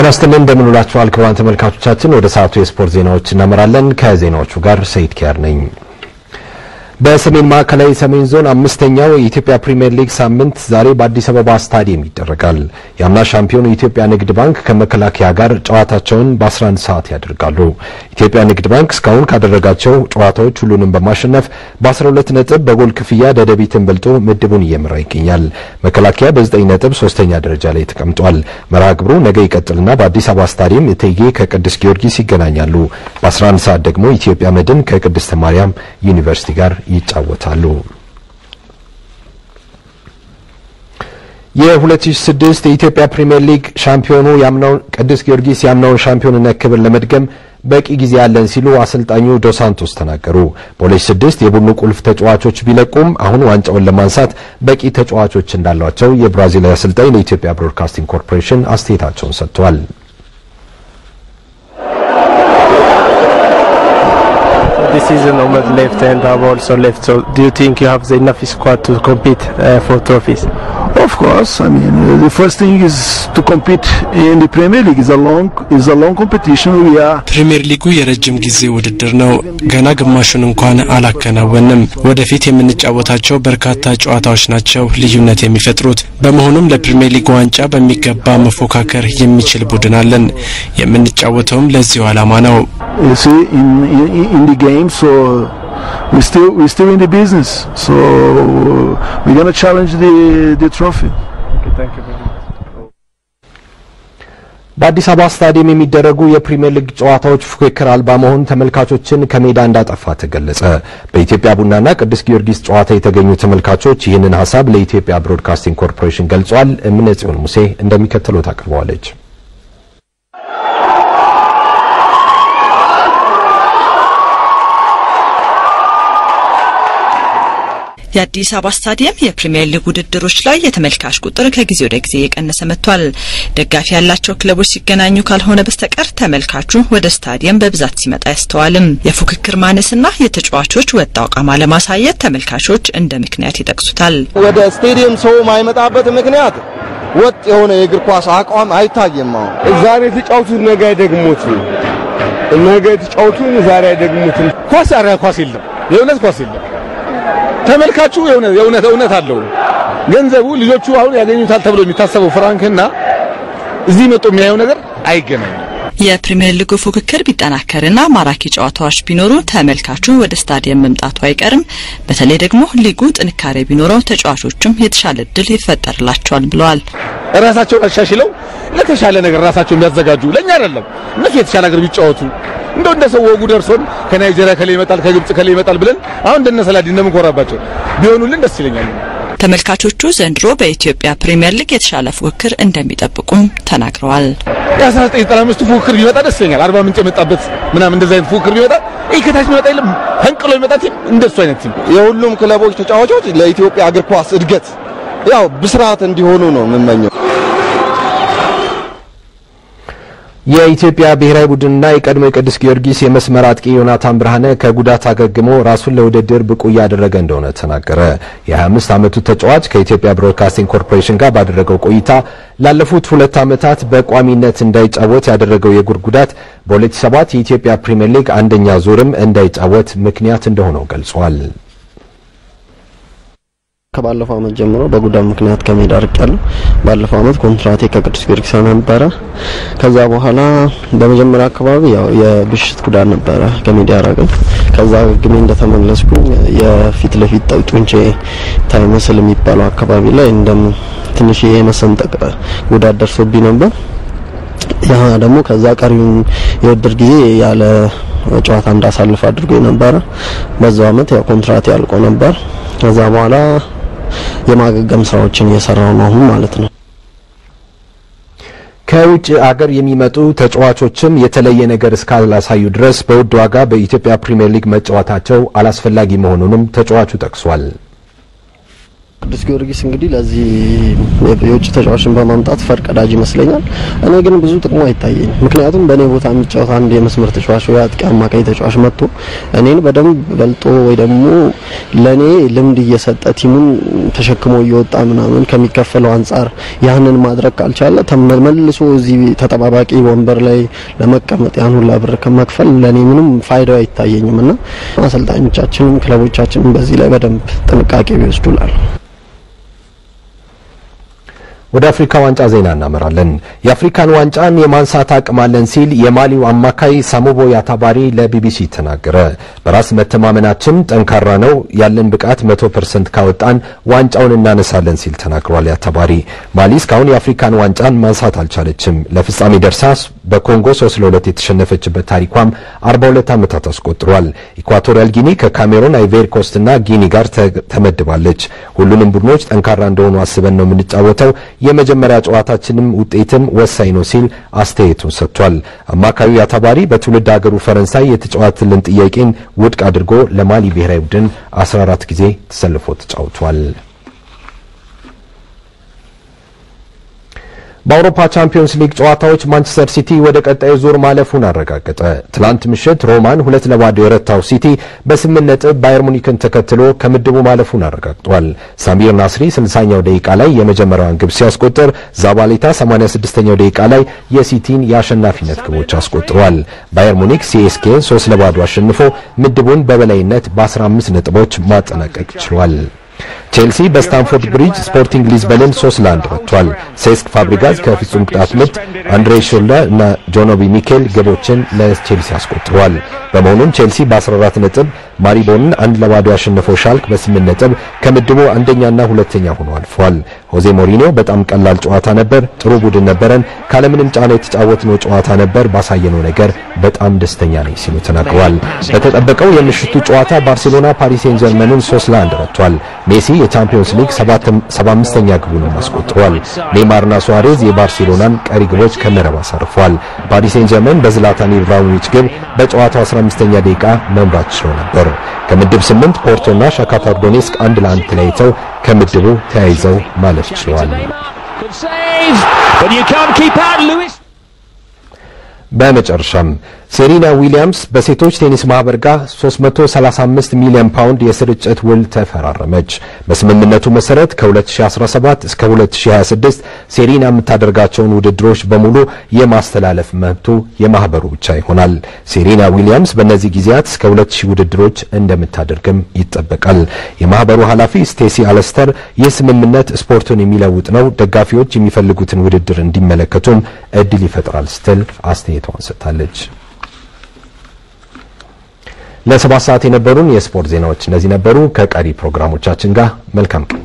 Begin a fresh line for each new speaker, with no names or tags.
ጤና ይስጥልን እንደምንውላችኋል ክቡራን ተመልካቾቻችን። ወደ ሰዓቱ የስፖርት ዜናዎች እናመራለን። ከዜናዎቹ ጋር ሰይድ ኪያር ነኝ። በሰሜን ማዕከላዊ ሰሜን ዞን አምስተኛው የኢትዮጵያ ፕሪሚየር ሊግ ሳምንት ዛሬ በአዲስ አበባ ስታዲየም ይደረጋል። የአምና ሻምፒዮን የኢትዮጵያ ንግድ ባንክ ከመከላከያ ጋር ጨዋታቸውን በ11 ሰዓት ያደርጋሉ። ኢትዮጵያ ንግድ ባንክ እስካሁን ካደረጋቸው ጨዋታዎች ሁሉንም በማሸነፍ በ12 ነጥብ በጎል ክፍያ ደደቢትን በልጦ ምድቡን እየመራ ይገኛል። መከላከያ በ9 ነጥብ ሶስተኛ ደረጃ ላይ ተቀምጧል። መርሃ ግብሩ ነገ ይቀጥልና በአዲስ አበባ ስታዲየም እቴጌ ከቅዱስ ጊዮርጊስ ይገናኛሉ። በ11 ሰዓት ደግሞ ኢትዮጵያ መድን ከቅድስተ ማርያም ዩኒቨርሲቲ ጋር ይጫወታሉ። የ2006 የኢትዮጵያ ፕሪምየር ሊግ ሻምፒዮኑ ያምናውን ቅዱስ ጊዮርጊስ ያምናውን ሻምፒዮንነት ክብር ለመድገም በቂ ጊዜ ያለን ሲሉ አሰልጣኙ ዶሳንቶስ ተናገሩ። በሁለት ስድስት የቡድኑ ቁልፍ ተጫዋቾች ቢለቁም አሁን ዋንጫውን ለማንሳት በቂ ተጫዋቾች እንዳሏቸው የብራዚላዊ አሰልጣኝ ለኢትዮጵያ ብሮድካስቲንግ ኮርፖሬሽን አስተያየታቸውን ሰጥተዋል።
this season I'm left and i have also left. So do you think you have enough squad to compete uh, for trophies?
Of course, I mean uh, the first thing is to compete in the Premier League. It's a long it's a long competition. We are
ፕሪሚየር ሊጉ የረጅም ጊዜ ውድድር ነው። ገና ግማሹን እንኳን አላከናወንም። ወደፊት የምንጫወታቸው በርካታ ጨዋታዎች ናቸው ልዩነት የሚፈጥሩት። በመሆኑም ለፕሪሚየር ሊግ ዋንጫ በሚገባ መፎካከር የሚችል ቡድን አለን። የምንጫወተውም ለዚሁ ዓላማ ነው።
we still we still in the business. So uh, we're gonna challenge the the trophy. Okay, thank you very much.
በአዲስ አበባ ስታዲየም የሚደረጉ የፕሪሚየር ሊግ ጨዋታዎች ፉክክር አልባ መሆን ተመልካቾችን ከሜዳ እንዳጠፋ ተገለጸ። በኢትዮጵያ ቡናና ቅዱስ ጊዮርጊስ ጨዋታ የተገኙ ተመልካቾች ይህንን ሀሳብ ለኢትዮጵያ ብሮድካስቲንግ ኮርፖሬሽን ገልጿል። እምነጽዮን ሙሴ እንደሚከተለው ታቅርበዋለች።
የአዲስ አበባ ስታዲየም የፕሪሚየር ሊግ ውድድሮች ላይ የተመልካች ቁጥር ከጊዜ ወደ ጊዜ እየቀነሰ መጥቷል። ደጋፊ ያላቸው ክለቦች ሲገናኙ ካልሆነ በስተቀር ተመልካቹ ወደ ስታዲየም በብዛት ሲመጣ አያስተዋልም። የፉክክር ማነስና የተጫዋቾች ወጥ አቋም አለማሳየት ተመልካቾች እንደ ምክንያት ይጠቅሱታል።
ወደ ስቴዲየም ሰው ማይመጣበት ምክንያት ወጥ የሆነ የእግር ኳስ አቋም አይታይም።
ዛሬ ተጫውቱ ነገ አይደግሙት፣ ነገ ተጫውቱ ዛሬ አይደግሙት።
ኳስ ኳስ የለም፣ የእውነት ኳስ የለም። ተመልካቹ የሆነ የእውነት እውነት አለው። ገንዘቡ ልጆቹ አሁን ያገኙታል ተብሎ የሚታሰበው ፍራንክና እዚህ መጥቶ የሚያየው ነገር አይገናኝም።
የፕሪሚየር ሊጉ ፉክክር ቢጠናከርና ማራኪ ጨዋታዎች ቢኖሩ ተመልካቹ ወደ ስታዲየም መምጣቱ አይቀርም። በተለይ ደግሞ ሊጉ ጥንካሬ ቢኖረው ተጫዋቾችም የተሻለ እድል ይፈጠርላቸዋል ብለዋል።
ራሳቸውን አሻሽለው ለተሻለ ነገር ራሳቸውን የሚያዘጋጁ ለእኛ አይደለም እነሱ የተሻለ ነገር ቢጫወቱ እንደው እንደ ሰው ወጉ ደርሶን ከናይጄሪያ ከላይ ይመጣል፣ ከግብጽ ከላይ ይመጣል ብለን አሁን እንደነ ሰላዲን እንደምንኮራባቸው ቢሆኑልን ደስ ይለኛል።
ተመልካቾቹ ዘንድሮ በኢትዮጵያ ፕሪሚየር ሊግ የተሻለ ፉክክር እንደሚጠብቁም ተናግረዋል።
የ1995 ፉክክር ቢመጣ ደስ ይለኛል። አርባ ምንጭ የመጣበት ምናምን እንደዚህ አይነት ፉክክር ቢመጣ ይህ ከታች ቢመጣ የለም ፈንቅሎ ቢመጣ ቲም እንደሱ አይነት ቲም የሁሉም ክለቦች ተጫዋቾች ለኢትዮጵያ እግር ኳስ እድገት ያው ብስራት እንዲሆኑ ነው የምመኘው።
የኢትዮጵያ ብሔራዊ ቡድንና የቀድሞ የቅዱስ ጊዮርጊስ የመስመር አጥቂ ዮናታን ብርሃነ ከጉዳት አገግሞ ራሱን ለውድድር ብቁ እያደረገ እንደሆነ ተናገረ። የ25 ዓመቱ ተጫዋች ከኢትዮጵያ ብሮድካስቲንግ ኮርፖሬሽን ጋር ባደረገው ቆይታ ላለፉት ሁለት ዓመታት በቋሚነት እንዳይጫወት ያደረገው የእግር ጉዳት በ2007 የኢትዮጵያ ፕሪምየር ሊግ አንደኛ ዙርም እንዳይጫወት ምክንያት እንደሆነው ገልጿል።
ከባለፈው አመት ጀምሮ በጉዳት ምክንያት ከሜዳ ርቄያለሁ። ባለፈው አመት ኮንትራቴ ከቅዱስ ጊዮርጊስ ነበረ። ከዛ በኋላ በመጀመሪያ አካባቢ ያው የብሽት ጉዳት ነበረ ከሜዳ ያራቀኝ። ከዛ ግን እንደተመለስኩ የፊት ለፊት ጡንቼ ታይመስል የሚባለው አካባቢ ላይ እንደም ትንሽ የመሰንጠቅ ጉዳት ደርሶብኝ ነበር። ያ ደግሞ ከዛ ቀሪውን የውድድር ጊዜ ያለ ጨዋታ እንዳሳልፍ አድርጎ ነበረ። በዛው አመት ያው ኮንትራት ያልቆ ነበር። ከዛ በኋላ የማገገም ስራዎችን እየሰራው ነው አሁን ማለት ነው።
ከውጭ አገር የሚመጡ ተጫዋቾችም የተለየ ነገር እስካላሳዩ ድረስ በውድ ዋጋ በኢትዮጵያ ፕሪምየር ሊግ መጫወታቸው አላስፈላጊ መሆኑንም ተጫዋቹ ጠቅሷል።
ቅዱስ ጊዮርጊስ እንግዲህ ለዚህ የውጭ ተጫዋችን በማምጣት ፈርቀዳጅ ይመስለኛል። እኔ ግን ብዙ ጥቅሙ አይታየኝ። ምክንያቱም በእኔ ቦታ የሚጫወት አንድ የመስመር ተጫዋች ወይ አጥቂ አማካኝ ተጫዋች መጥቶ እኔን በደንብ በልጦ ወይ ደግሞ ለእኔ ልምድ እየሰጠ ቲሙን ተሸክሞ እየወጣ ምናምን ከሚከፈለው አንጻር ያንን ማድረግ ካልቻለ ተመልሶ እዚህ ተጠባባቂ ወንበር ላይ ለመቀመጥ ያን ሁላ ብር ከመክፈል ለእኔ ምንም ፋይዳው አይታየኝም እና አሰልጣኞቻችንም ክለቦቻችንም በዚህ ላይ በደንብ ጥንቃቄ ቢወስዱላል። ላሉ
ወደ አፍሪካ ዋንጫ ዜና እናመራለን። የአፍሪካን ዋንጫን የማንሳት አቅም አለን ሲል የማሊው አማካይ ሳሞቦ ያታባሪ ለቢቢሲ ተናገረ። በራስ መተማመናችን ጠንካራ ነው፣ ያለን ብቃት ፐርሰንት ካወጣን ዋንጫውን እናነሳለን ሲል ተናግሯል። ያታባሪ ማሊ እስካሁን የአፍሪካን ዋንጫን ማንሳት አልቻለችም። ለፍጻሜ ደርሳ በኮንጎ 3 ለ2 የተሸነፈችበት ታሪኳም 42 ዓመታት አስቆጥሯል። ኢኳቶሪያል ጊኒ ከካሜሮን፣ አይቬሪ ኮስትና ጊኒ ጋር ተመድባለች። ሁሉንም ቡድኖች ጠንካራ እንደሆኑ አስበን ነው የምንጫወተው የመጀመሪያ ጨዋታችንም ውጤትም ወሳኝ ነው ሲል አስተያየቱን ሰጥቷል። አማካዩ ያታባሪ በትውልድ ሀገሩ ፈረንሳይ የተጫዋትልን ጥያቄን ውድቅ አድርጎ ለማሊ ብሔራዊ ቡድን 14 ጊዜ ተሰልፎ ተጫውቷል። በአውሮፓ ቻምፒዮንስ ሊግ ጨዋታዎች ማንቸስተር ሲቲ ወደ ቀጣዩ ዙር ማለፉን አረጋገጠ። ትላንት ምሽት ሮማን ሁለት ለባዶ የረታው ሲቲ በስምንት ነጥብ ባየር ሙኒክን ተከትሎ ከምድቡ ማለፉን አረጋግጧል። ሳሚር ናስሪ 60ኛው ደቂቃ ላይ የመጀመሪያውን ግብ ሲያስቆጥር፣ ዛባሌታ 86ኛው ደቂቃ ላይ የሲቲን የአሸናፊነት ግቦች አስቆጥሯል። ባየር ሙኒክ ሲኤስኬን 3 ለባዶ አሸንፎ ምድቡን በበላይነት በ15 ነጥቦች ማጠናቀቅ ችሏል። ቼልሲ በስታንፎርድ ብሪጅ ስፖርቲንግ ሊዝበንን 3 ለአንድ ረቷል። ሴስክ ፋብሪጋዝ ከፍጹም ቅጣት ምት፣ አንድሬ ሾለ እና ጆኖቢ ሚኬል ግቦችን ለቼልሲ አስቆጥረዋል። በመሆኑም ቼልሲ በ14 ነጥብ ማሪቦንን አንድ ለባዶ ያሸነፈው ሻልክ በ8 ነጥብ ከምድቡ አንደኛና ሁለተኛ ሆኖ አልፏል። ሆዜ ሞሪኒዮ በጣም ቀላል ጨዋታ ነበር፣ ጥሩ ቡድን ነበረን፣ ካለምንም ጫና የተጫወትነው ጨዋታ ነበር፣ ባሳየነው ነገር በጣም ደስተኛ ነኝ ሲሉ ተናግረዋል። በተጠበቀው የምሽቱ ጨዋታ ባርሴሎና ፓሪስ ሴን ጀርመንን 3 ለ1 ረቷል። ሜሲ የቻምፒዮንስ ሊግ 75ኛ ግቡን አስቆጥሯል። ኔይማርና ሱዋሬዝ የባርሴሎናን ቀሪ ግቦች ከመረብ አሳርፏል። ፓሪስ ሴን ጀርመን በዝላታን ኢብራሂሞቪች ግብ በጨዋታው 15ኛ ደቂቃ መምራት ችሎ ነበር። ከምድብ 8 ፖርቶና ሻካታር ዶኔስክ አንድ ለአንድ ተለያይተው ከምድቡ ተያይዘው ማለፍ ችለዋል። በመጨረሻም ሴሪና ዊሊያምስ በሴቶች ቴኒስ ማህበር ጋር 335 ሚሊዮን ፓውንድ የስርጭት ውል ተፈራረመች። በስምምነቱ መሰረት ከ2017 እስከ 2026 ሴሪና የምታደርጋቸውን ውድድሮች በሙሉ የማስተላለፍ መብቱ የማህበሩ ብቻ ይሆናል። ሴሪና ዊሊያምስ በእነዚህ ጊዜያት እስከ 2000 ውድድሮች እንደምታደርግም ይጠበቃል። የማህበሩ ኃላፊ ስቴሲ አለስተር ይህ ስምምነት ስፖርቱን የሚለውጥ ነው፣ ደጋፊዎች የሚፈልጉትን ውድድር እንዲመለከቱም እድል ይፈጥራል ስትል አስተያየቷን ሰጥታለች። ለሰባት ሰዓት የነበሩን የስፖርት ዜናዎች እነዚህ ነበሩ። ከቀሪ ፕሮግራሞቻችን ጋር መልካም ቀን